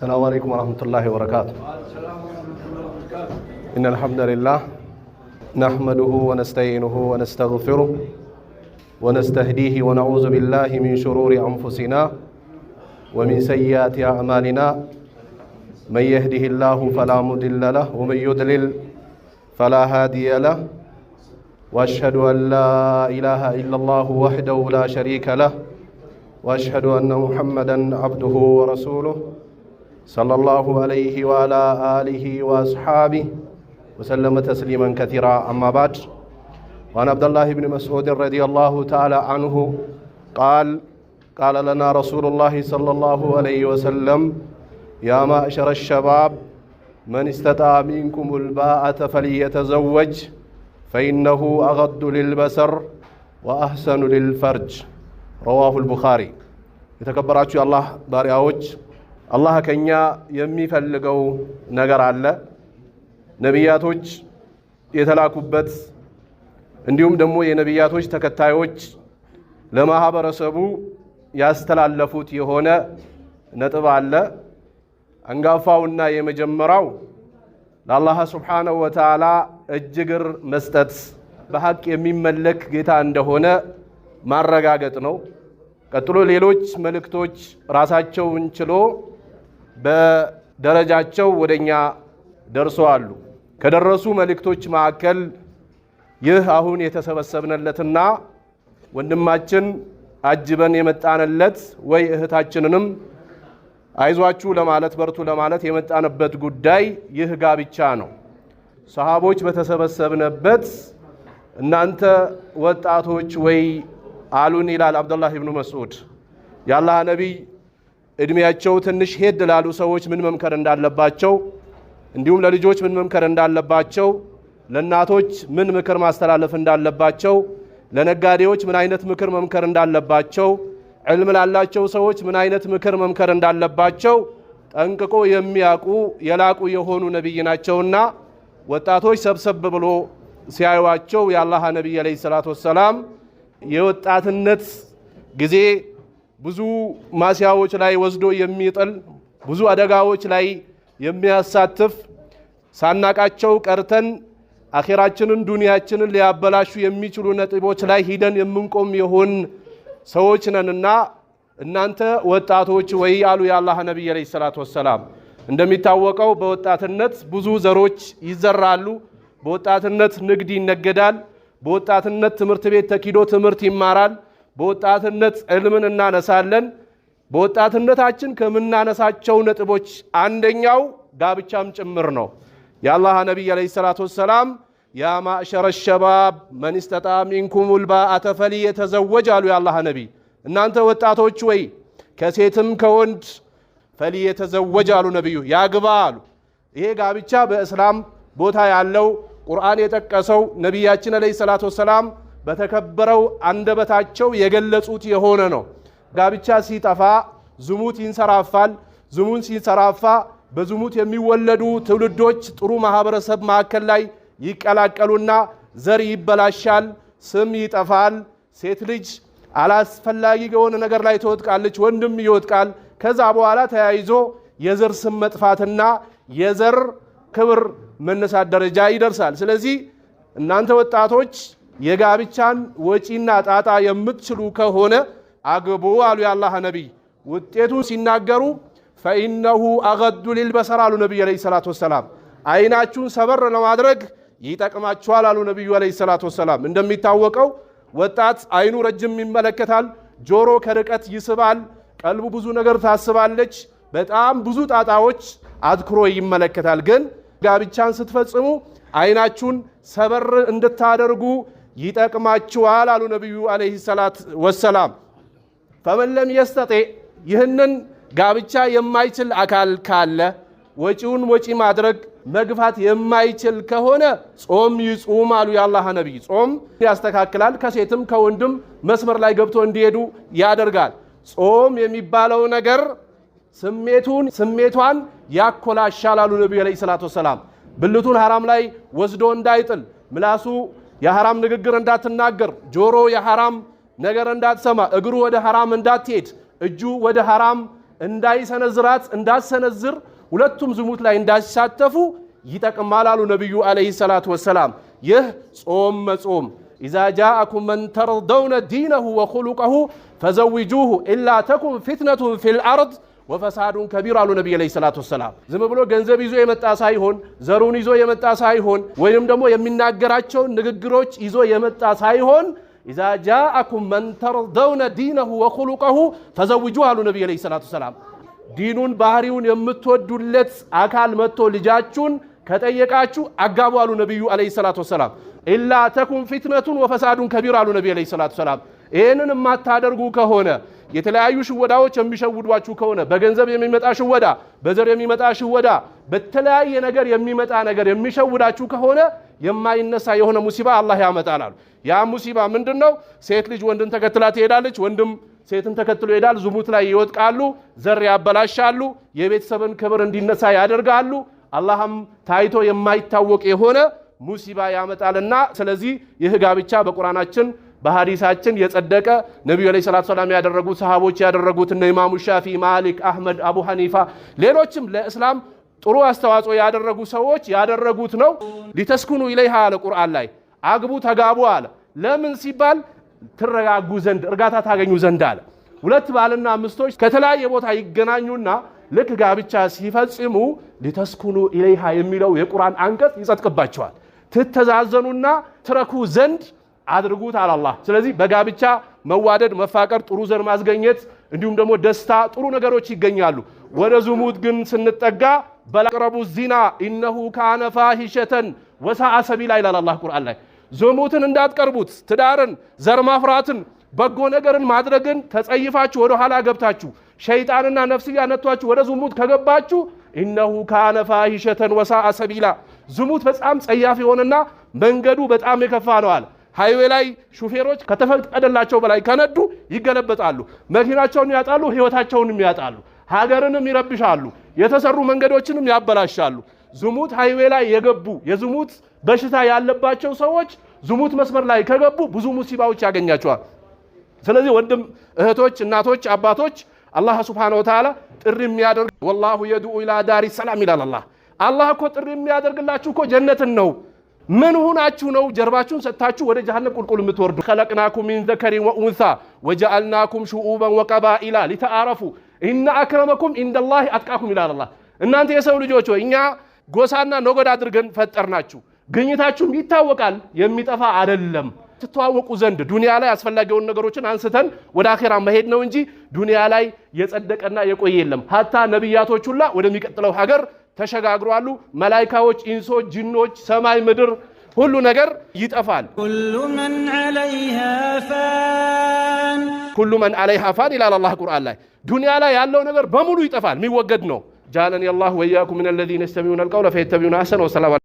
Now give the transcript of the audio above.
السلام عليكم ورحمة الله وبركاته إن الحمد لله نحمده ونستعينه ونستغفره ونستهديه ونعوذ بالله من شرور أنفسنا ومن سيئات أعمالنا من يهده الله فلا مضل له ومن يضلل فلا هادي له واشهد ان لا اله الا الله وحده لا شريك له واشهد ان محمدا عبده ورسوله صلى الله عليه وعلى آله وأصحابه وسلم تسليما كثيرا أما بعد وعن عبد الله بن مسعود رضي الله تعالى عنه قال قال لنا رسول الله صلى الله عليه وسلم يا معشر الشباب من استطاع منكم الباءة فليتزوج فإنه أغض للبصر وأحسن للفرج رواه البخاري الله باري أوج አላህ ከኛ የሚፈልገው ነገር አለ። ነቢያቶች የተላኩበት እንዲሁም ደግሞ የነቢያቶች ተከታዮች ለማህበረሰቡ ያስተላለፉት የሆነ ነጥብ አለ። አንጋፋውና የመጀመሪያው ለአላህ ሱብሓነሁ ወተዓላ እጅግር መስጠት በሐቅ የሚመለክ ጌታ እንደሆነ ማረጋገጥ ነው። ቀጥሎ ሌሎች መልእክቶች ራሳቸውን ችሎ በደረጃቸው ወደኛ እኛ ደርሰዋሉ። ከደረሱ መልእክቶች መካከል ይህ አሁን የተሰበሰብንለትና ወንድማችን አጅበን የመጣንለት ወይ እህታችንንም አይዟችሁ ለማለት በርቱ ለማለት የመጣንበት ጉዳይ ይህ ጋብቻ ነው። ሰሃቦች በተሰበሰብንበት እናንተ ወጣቶች ወይ አሉን ይላል አብዱላህ ብኑ መስዑድ የአላህ ነቢይ እድሜያቸው ትንሽ ሄድ ላሉ ሰዎች ምን መምከር እንዳለባቸው እንዲሁም ለልጆች ምን መምከር እንዳለባቸው፣ ለእናቶች ምን ምክር ማስተላለፍ እንዳለባቸው፣ ለነጋዴዎች ምን አይነት ምክር መምከር እንዳለባቸው፣ ዕልም ላላቸው ሰዎች ምን አይነት ምክር መምከር እንዳለባቸው ጠንቅቆ የሚያውቁ የላቁ የሆኑ ነቢይ ናቸውና ወጣቶች ሰብሰብ ብሎ ሲያዩዋቸው የአላህ ነቢይ ዓለይሂ ሰላቱ ወሰላም የወጣትነት ጊዜ ብዙ ማስያዎች ላይ ወስዶ የሚጥል ብዙ አደጋዎች ላይ የሚያሳትፍ ሳናቃቸው ቀርተን አኼራችንን ዱንያችንን ሊያበላሹ የሚችሉ ነጥቦች ላይ ሂደን የምንቆም የሆን ሰዎች ነንና እናንተ ወጣቶች ወይ አሉ የአላህ ነቢይ ዓለይሂ ሰላቱ ወሰላም። እንደሚታወቀው በወጣትነት ብዙ ዘሮች ይዘራሉ። በወጣትነት ንግድ ይነገዳል። በወጣትነት ትምህርት ቤት ተኪዶ ትምህርት ይማራል። በወጣትነት ዕልምን እናነሳለን። በወጣትነታችን ከምናነሳቸው ነጥቦች አንደኛው ጋብቻም ጭምር ነው። የአላህ ነቢይ ዓለይሂ ሰላቱ ወሰላም ያ ማእሸረ ሸባብ መንስተጣ ሚንኩም ሚንኩሙል ባአተ የተዘወጅ አሉ የአላህ ነቢይ። እናንተ ወጣቶች ወይ ከሴትም ከወንድ የተዘወጅ አሉ ነቢዩ፣ ያግባ አሉ። ይሄ ጋብቻ በእስላም ቦታ ያለው ቁርአን የጠቀሰው ነቢያችን ዓለይሂ ሰላቱ ወሰላም በተከበረው አንደበታቸው የገለጹት የሆነ ነው። ጋብቻ ሲጠፋ ዝሙት ይንሰራፋል። ዝሙት ሲንሰራፋ በዝሙት የሚወለዱ ትውልዶች ጥሩ ማህበረሰብ ማዕከል ላይ ይቀላቀሉና ዘር ይበላሻል፣ ስም ይጠፋል። ሴት ልጅ አላስፈላጊ የሆነ ነገር ላይ ትወጥቃለች፣ ወንድም ይወጥቃል። ከዛ በኋላ ተያይዞ የዘር ስም መጥፋትና የዘር ክብር መነሳት ደረጃ ይደርሳል። ስለዚህ እናንተ ወጣቶች የጋብቻን ወጪና ጣጣ የምትችሉ ከሆነ አግቡ አሉ የአላህ ነቢይ። ውጤቱን ሲናገሩ ፈኢነሁ አገዱ ሊልበሰር አሉ ነቢዩ ዓለይሂ ሰላቱ ወሰላም። አይናችሁን ሰበር ለማድረግ ይጠቅማችኋል አሉ ነቢዩ ዓለይሂ ሰላቱ ወሰላም። እንደሚታወቀው ወጣት አይኑ ረጅም ይመለከታል፣ ጆሮ ከርቀት ይስባል፣ ቀልቡ ብዙ ነገር ታስባለች። በጣም ብዙ ጣጣዎች አትኩሮ ይመለከታል። ግን ጋብቻን ስትፈጽሙ አይናችሁን ሰበር እንድታደርጉ ይጠቅማችኋል አሉ ነቢዩ ዓለይሂ ሰላት ወሰላም። ፈመን ለም የስተጤዕ ይህንን ጋብቻ የማይችል አካል ካለ ወጪውን ወጪ ማድረግ መግፋት የማይችል ከሆነ ጾም ይጹም አሉ የአላህ ነቢይ። ጾም ያስተካክላል፣ ከሴትም ከወንድም መስመር ላይ ገብቶ እንዲሄዱ ያደርጋል። ጾም የሚባለው ነገር ስሜቱን ስሜቷን ያኮላሻል አሉ ነቢዩ ዓለይሂ ሰላት ወሰላም። ብልቱን ሐራም ላይ ወስዶ እንዳይጥል ምላሱ የሐራም ንግግር እንዳትናገር፣ ጆሮ የሐራም ነገር እንዳትሰማ፣ እግሩ ወደ ሐራም እንዳትሄድ፣ እጁ ወደ ሐራም እንዳይሰነዝራት እንዳትሰነዝር፣ ሁለቱም ዝሙት ላይ እንዳይሳተፉ ይጠቅማል አሉ ነቢዩ ዓለይሂ ሰላቱ ወሰላም። ይህ ጾም መጾም ኢዛ ጃአኩም መን ተርደውነ ዲነሁ ወኹሉቀሁ ፈዘዊጁሁ ኢላ ተኩን ፊትነቱን ፊል አርድ ወፈሳዱን ከቢር አሉ ነቢይ ዐለይሂ ሰላቱ ወሰላም። ዝም ብሎ ገንዘብ ይዞ የመጣ ሳይሆን ዘሩን ይዞ የመጣ ሳይሆን ወይንም ደግሞ የሚናገራቸውን ንግግሮች ይዞ የመጣ ሳይሆን ኢዛ ጃአኩም መን ተርደውነ ዲነሁ ወኹሉቀሁ ፈዘውጁ አሉ ነቢይ ዐለይሂ ሰላቱ ወሰላም። ዲኑን ባህሪውን የምትወዱለት አካል መጥቶ ልጃችሁን ከጠየቃችሁ አጋቡ አሉ ነቢዩ ዐለይሂ ሰላቱ ወሰላም። ኢላ ተኩን ፊትነቱን ወፈሳዱን ከቢር አሉ ነቢይ ዐለይሂ ሰላቱ ወሰላም። ይህንን የማታደርጉ ከሆነ የተለያዩ ሽወዳዎች የሚሸውዷችሁ ከሆነ በገንዘብ የሚመጣ ሽወዳ፣ በዘር የሚመጣ ሽወዳ፣ በተለያየ ነገር የሚመጣ ነገር የሚሸውዳችሁ ከሆነ የማይነሳ የሆነ ሙሲባ አላህ ያመጣል አሉ። ያ ሙሲባ ምንድን ነው? ሴት ልጅ ወንድን ተከትላ ትሄዳለች። ወንድም ሴትን ተከትሎ ይሄዳል። ዝሙት ላይ ይወጥቃሉ፣ ዘር ያበላሻሉ፣ የቤተሰብን ክብር እንዲነሳ ያደርጋሉ። አላህም ታይቶ የማይታወቅ የሆነ ሙሲባ ያመጣልና ስለዚህ ይህ ጋብቻ በቁርአናችን በሐዲሳችን የጸደቀ ነቢዩ ዐለይሂ ሰላቱ ሰላም ያደረጉት ሰሃቦች ያደረጉት እነ ኢማሙ ሻፊ፣ ማሊክ፣ አህመድ፣ አቡ ሐኒፋ ሌሎችም ለእስላም ጥሩ አስተዋጽኦ ያደረጉ ሰዎች ያደረጉት ነው። ሊተስኩኑ ኢለይሃ አለ ቁርአን ላይ አግቡ ተጋቡ አለ። ለምን ሲባል ትረጋጉ ዘንድ እርጋታ ታገኙ ዘንድ አለ። ሁለት ባልና ምስቶች ከተለያየ ቦታ ይገናኙና ልክ ጋብቻ ሲፈጽሙ ሊተስኩኑ ኢለይሃ የሚለው የቁርአን አንቀጽ ይጸጥቅባቸዋል ትተዛዘኑና ትረኩ ዘንድ አድርጉት አለ አላህ። ስለዚህ በጋብቻ መዋደድ፣ መፋቀር፣ ጥሩ ዘር ማስገኘት እንዲሁም ደግሞ ደስታ፣ ጥሩ ነገሮች ይገኛሉ። ወደ ዝሙት ግን ስንጠጋ በላቅረቡ ዚና ኢነሁ ካነ ፋሂሸተን ወሳአ ሰቢላ ይላል አላህ ቁርአን ላይ። ዝሙትን እንዳትቀርቡት፣ ትዳርን፣ ዘር ማፍራትን፣ በጎ ነገርን ማድረግን ተጸይፋችሁ ወደ ኋላ ገብታችሁ ሸይጣንና ነፍስ ያነቷችሁ ወደ ዝሙት ከገባችሁ ኢነሁ ካነ ፋሂሸተን ወሳአ ሰቢላ ዝሙት በጣም ጸያፍ የሆነና መንገዱ በጣም የከፋ ነው አለ። ሀይዌ ላይ ሹፌሮች ከተፈቀደላቸው በላይ ከነዱ ይገለበጣሉ። መኪናቸውን ያጣሉ፣ ህይወታቸውንም ያጣሉ፣ ሀገርንም ይረብሻሉ፣ የተሰሩ መንገዶችንም ያበላሻሉ። ዝሙት ሀይዌ ላይ የገቡ የዝሙት በሽታ ያለባቸው ሰዎች ዝሙት መስመር ላይ ከገቡ ብዙ ሙሲባዎች ያገኛቸዋል። ስለዚህ ወንድም እህቶች፣ እናቶች፣ አባቶች አላህ ስብሓነ ወተዓላ ጥሪ የሚያደርግ ወላሁ የድኡ ኢላ ዳሪ ሰላም ይላል። አላህ አላህ እኮ ጥሪ የሚያደርግላችሁ እኮ ጀነትን ነው ምን ሁናችሁ ነው ጀርባችሁን ሰጥታችሁ ወደ ጀሃነም ቁልቁል የምትወርዱ? ከለቅናኩም ሚን ዘከሪን ወኡንሳ ወጀአልናኩም ሽዑበን ወቀባኢላ ሊተአረፉ ኢነ አክረመኩም ኢንደላሂ አጥቃኩም ይላል አላህ። እናንተ የሰው ልጆች ሆይ እኛ ጎሳና ኖጎድ አድርገን ፈጠርናችሁ፣ ግኝታችሁም ይታወቃል፣ የሚጠፋ አደለም ትተዋወቁ ዘንድ ዱንያ ላይ አስፈላጊውን ነገሮችን አንስተን ወደ አኼራ መሄድ ነው እንጂ ዱንያ ላይ የጸደቀና የቆየ የለም። ሀታ ነቢያቶች ሁላ ወደሚቀጥለው ሀገር ተሸጋግሯሉ። መላይካዎች፣ ኢንሶች፣ ጅኖች፣ ሰማይ፣ ምድር ሁሉ ነገር ይጠፋል። ሁሉ መን አለይሃ ፋን ይላል አላህ ቁርአን ላይ። ዱንያ ላይ ያለው ነገር በሙሉ ይጠፋል፣ የሚወገድ ነው። ጃለን የላሁ ወኢያኩም ሚነ ለዚነ የስተሚዑነ አልቀውለ ፈየተቢዑነ አሕሰነሁ። ወሰላሙ